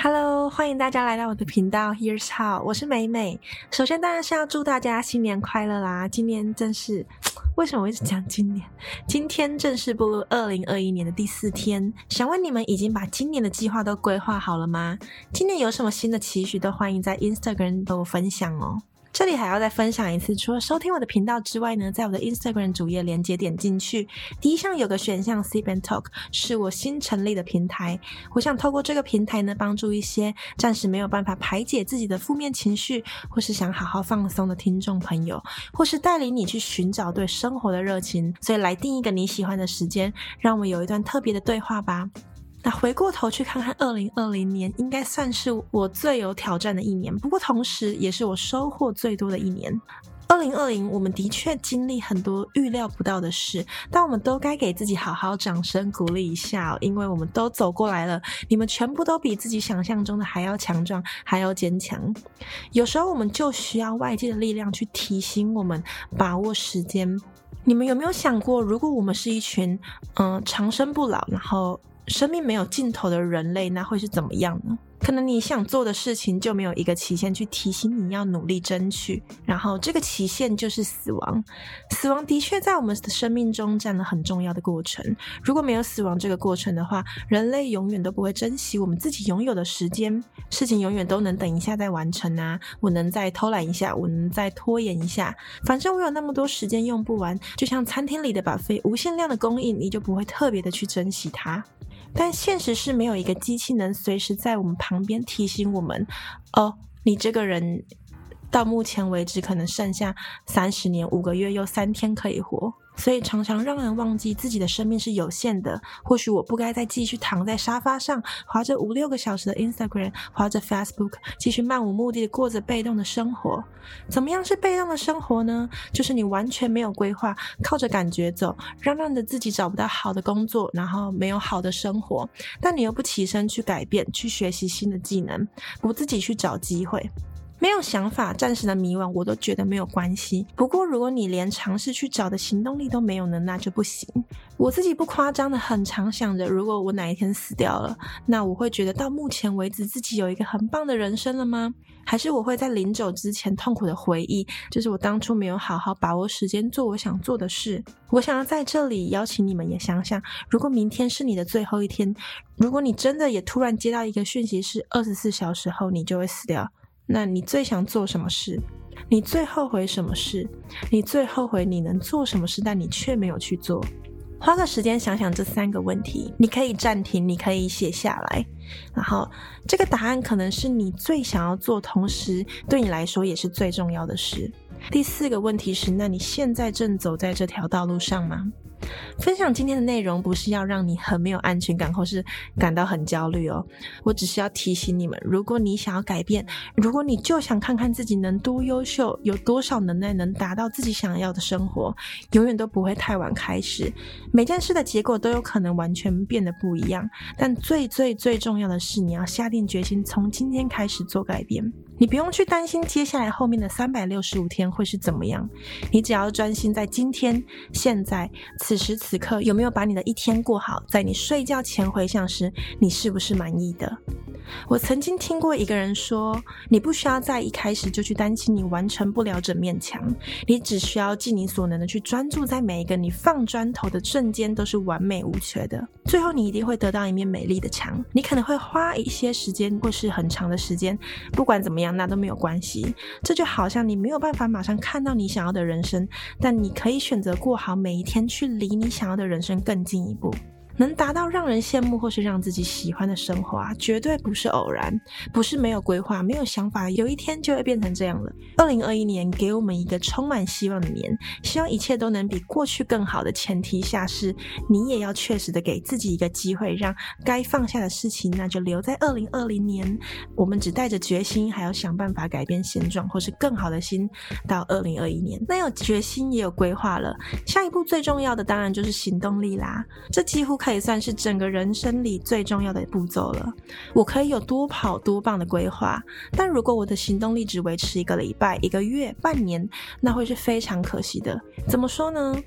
Hello，歡迎大家來到我的頻道，Here's How，我是美美。首先當然是要祝大家新年快樂啦！今年正式，為什麼我一直講今年？今天正式步入二零二一年的第四天，想問你們已經把今年的計劃都規劃好了嗎？今年有什麼新的期許都歡迎在 Instagram 跟我分享哦。這裡還要再分享一次，除了收聽我的頻道之外呢，在我的 Instagram 主頁連接點進去，第一項有個選項 Sip and Talk，是我新成立的平台。我想透過這個平台呢，幫助一些暫時沒有辦法排解自己的負面情緒，或是想好好放鬆的聽眾朋友，或是帶領你去尋找對生活的熱情。所以，來定一個你喜歡的時間，讓我們有一段特別的對話吧。那回過頭去看看2020，二零二零年應該算是我最有挑戰的一年，不過同時也是我收穫最多的一年。二零二零，我們的確經歷很多預料不到的事，但我們都該給自己好好掌聲鼓勵一下，哦，因為我們都走過來了。你們全部都比自己想象中的還要強壯，還要堅強。有時候我們就需要外界的力量去提醒我們把握時間。你們有沒有想過，如果我們是一群嗯、呃、長生不老，然後生命沒有盡頭的人類，那會是怎麼樣呢？可能你想做的事情就沒有一個期限去提醒你要努力爭取，然後這個期限就是死亡。死亡的確在我們的生命中佔了很重要的過程。如果沒有死亡這個過程的話，人類永遠都不會珍惜我們自己擁有的時間，事情永遠都能等一下再完成啊！我能再偷懶一下，我能再拖延一下，反正我有那麼多時間用不完。就像餐廳裡的 buffet，無限量的供應，你就不會特別的去珍惜它。但現實是沒有一個機器能隨時在我們旁邊提醒我們，哦，你這個人到目前為止可能剩下三十年五個月又三天可以活。所以常常讓人忘記自己的生命是有限的。或許我不該再繼續躺在沙發上，滑著五六個小時的 Instagram，滑著 Facebook，繼續漫無目的地過着被動的生活。怎麼樣是被動的生活呢？就是你完全沒有規劃，靠着感覺走，嚷嚷著自己找不到好的工作，然後沒有好的生活。但你又不起身去改變，去學習新的技能，不自己去找機會。沒有想法，暫時的迷惘，我都覺得沒有關係。不過，如果你連嘗試去找的行動力都沒有呢，那就不行。我自己不誇張的，很常想着，如果我哪一天死掉了，那我會覺得到目前為止自己有一個很棒的人生了嗎？還是我會在臨走之前痛苦的回憶，就是我當初沒有好好把握時間做我想做的事。我想要在這裡邀請你們也想想，如果明天是你的最後一天，如果你真的也突然接到一個訊息，是二十四小時後你就會死掉。那你最想做什麼事？你最後悔什麼事？你最後悔你能做什麼事，但你卻沒有去做？花個時間想想這三個問題，你可以暫停，你可以寫下來。然後這個答案可能是你最想要做，同時對你來說也是最重要的事。第四個問題是：那你現在正走在這條道路上嗎？分享今天的內容不是要讓你很沒有安全感，或是感到很焦慮哦。我只是要提醒你們，如果你想要改變，如果你就想看看自己能多優秀，有多少能耐能達到自己想要的生活，永遠都不會太晚開始。每件事的結果都有可能完全變得不一樣。但最最最重要的是，你要下定決心，從今天開始做改變。你不用去擔心接下來後面的三百六十五天會是怎麼樣，你只要專心在今天、現在、此。此時此刻有沒有把你的一天過好？在你睡覺前回想時，你是不是滿意的？我曾經聽過一個人說：“你不需要在一開始就去擔心你完成不了整面牆，你只需要盡你所能的去專注，在每一個你放磚頭的瞬間都是完美無缺的。最後，你一定會得到一面美麗的牆。你可能會花一些時間或是很長的時間，不管怎麼樣，那都沒有關係。這就好像你沒有辦法馬上看到你想要的人生，但你可以選擇過好每一天去。”離你想要的人生更進一步。能達到讓人羨慕或是讓自己喜歡的生活啊，絕對不是偶然，不是沒有規劃、沒有想法，有一天就會變成這樣了。二零二一年給我們一個充滿希望的年，希望一切都能比過去更好的前提下是，是你也要確實的給自己一個機會，讓該放下的事情那就留在二零二零年，我們只帶着決心，還要想辦法改變現狀或是更好的心到二零二一年。那有決心也有規劃了，下一步最重要的當然就是行動力啦，這幾乎看。可以算是整個人生裡最重要的步驟了。我可以有多跑多棒的規劃，但如果我的行動力只維持一個禮拜、一個月、半年，那會是非常可惜的。怎麼說呢？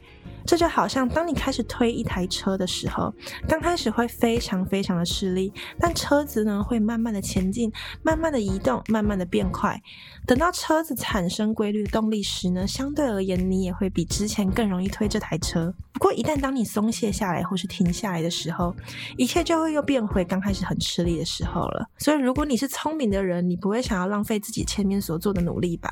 這就好像當你開始推一台車的時候，剛開始會非常非常的吃力，但車子呢會慢慢的前進，慢慢的移動，慢慢的變快。等到車子產生規律動力時呢，相對而言你也會比之前更容易推這台車。不過一旦當你鬆懈下來或是停下來的時候，一切就會又變回剛開始很吃力的時候了。所以如果你是聰明的人，你不會想要浪費自己前面所做的努力吧？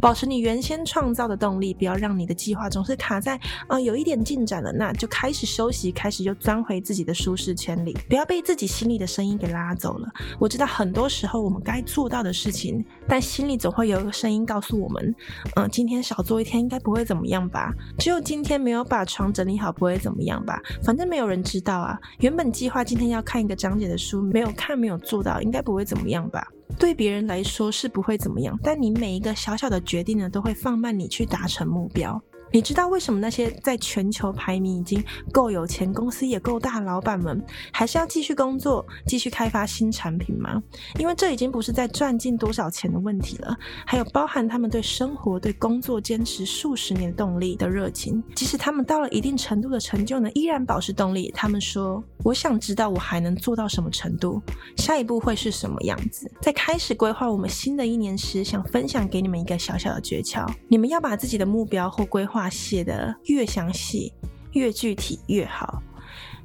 保持你原先創造的動力，不要讓你的計劃總是卡在，呃有一點進展了，那就開始休息，開始就鑽回自己的舒適圈裡，不要被自己心裡的聲音給拉走了。我知道很多時候我們該做到的事情，但心裡總會有一個聲音告訴我們：“嗯，今天少做一天應該不會怎麼樣吧？只有今天沒有把床整理好不會怎麼樣吧？反正沒有人知道啊。原本計劃今天要看一個章節的書，沒有看，沒有做到，應該不會怎麼樣吧？對別人來說是不會怎麼樣，但你每一個小小的決定呢，都會放慢你去達成目標。”你知道為什麼那些在全球排名已經夠有錢、公司也夠大、老闆們還是要繼續工作、繼續開發新產品嗎？因為這已經不是在賺進多少錢的問題了，還有包含他們對生活、對工作堅持數十年動力的熱情。即使他們到了一定程度的成就呢，依然保持動力。他們說：“我想知道我還能做到什麼程度，下一步會是什麼樣子。”在開始規劃我們新的一年時，想分享給你們一個小小的訣竅：你們要把自己的目標或規劃，寫得越詳細、越具體越好，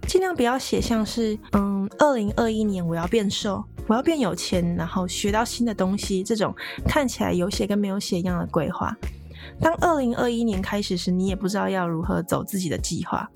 盡量不要寫像是“嗯，二零二一年我要變瘦，我要變有錢，然後學到新的東西”這種看起來有寫跟沒有寫一樣的規劃。當二零二一年開始時，你也不知道要如何走自己的計劃。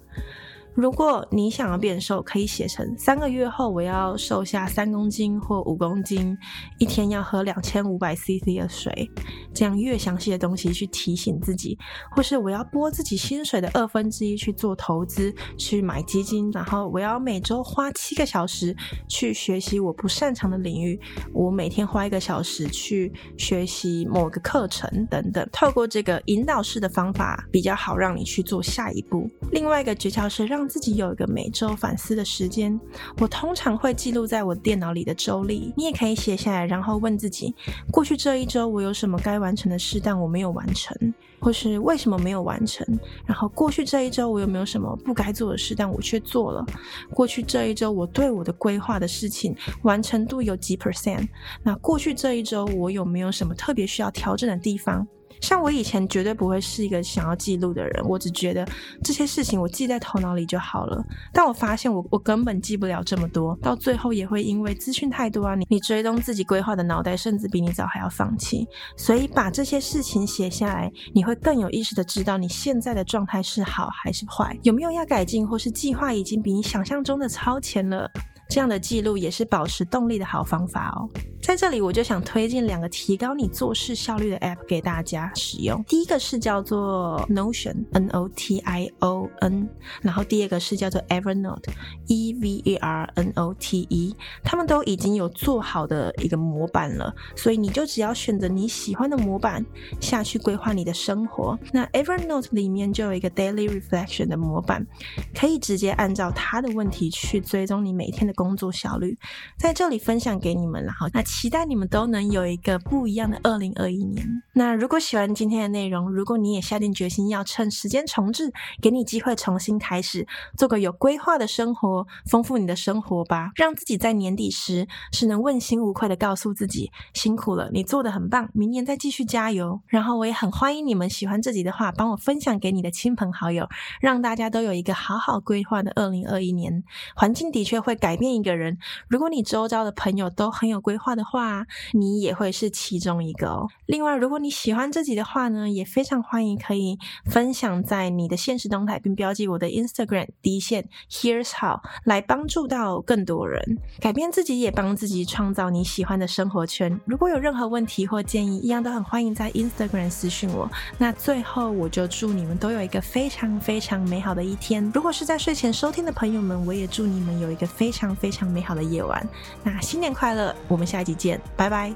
如果你想要變瘦，可以寫成三個月後，我要瘦下三公斤或五公斤，一天要喝兩千五百 CC 的水，這樣越詳細的東西去提醒自己，或是我要撥自己薪水的二分之一去做投資，去買基金，然後我要每周花七個小時去學習我不擅長的領域，我每天花一個小時去學習某個課程等等。透過這個引導式的方法，比較好讓你去做下一步。另外一個訣竅是讓自己有一個每周反思的時間，我通常會記錄在我電腦裡的週曆。你也可以寫下來，然後問自己：過去這一周我有什麼該完成的事，但我沒有完成，或是為什麼沒有完成？然後過去這一周我有沒有什麼不該做的事，但我卻做了？過去這一周我對我的規劃的事情完成度有幾 percent？那過去這一周我有沒有什麼特別需要調整的地方？像我以前絕對不會是一個想要記錄的人，我只覺得這些事情我記在頭腦裡就好了。但我發現我我根本記不了這麼多，到最後也會因為資訊太多啊，你你追蹤自己規劃的腦袋，甚至比你早還要放棄。所以把這些事情寫下來，你會更有意識的知道你現在的狀態是好還是壞，有沒有要改進，或是計劃已經比你想象中的超前了。這樣的記錄也是保持動力的好方法哦。在這裡，我就想推薦兩個提高你做事效率的 App 給大家使用。第一個是叫做 Notion（N-O-T-I-O-N），然後第二個是叫做 Evernote（E-V-E-R-N-O-T-E），他們都已經有做好的一個模板，了，所以你就只要選擇你喜歡的模板下去規劃你的生活。那 Evernote 裡面就有一個 Daily Reflection 的模板，可以直接按照它的問題去追蹤你每天的。工作效率在這裡分享給你們了。好，那期待你們都能有一個不一樣的二零二一年。那如果喜歡今天的內容，如果你也下定決心要趁時間重置，給你機會重新開始，做個有規劃的生活，豐富你的生活吧，讓自己在年底時是能問心無愧的告訴自己辛苦了，你做得很棒，明年再繼續加油。然後我也很歡迎你們喜歡這集的話，幫我分享給你的親朋好友，讓大家都有一個好好規劃的二零二一年。環境的確會改變。另一個人，如果你周遭的朋友都很有規劃的話，你也會是其中一個哦。另外，如果你喜歡這集的話呢，也非常歡迎可以分享在你的現實動態，並標記我的 Instagram 底線 Here's How 來幫助到更多人改變自己，也幫自己創造你喜歡的生活圈。如果有任何問題或建議，一樣都很歡迎在 Instagram 私訊我。那最後，我就祝你們都有一個非常非常美好的一天。如果是在睡前收聽的朋友們，我也祝你們有一個非常。非常美好的夜晚，那新年快樂！我們下一集見，拜拜。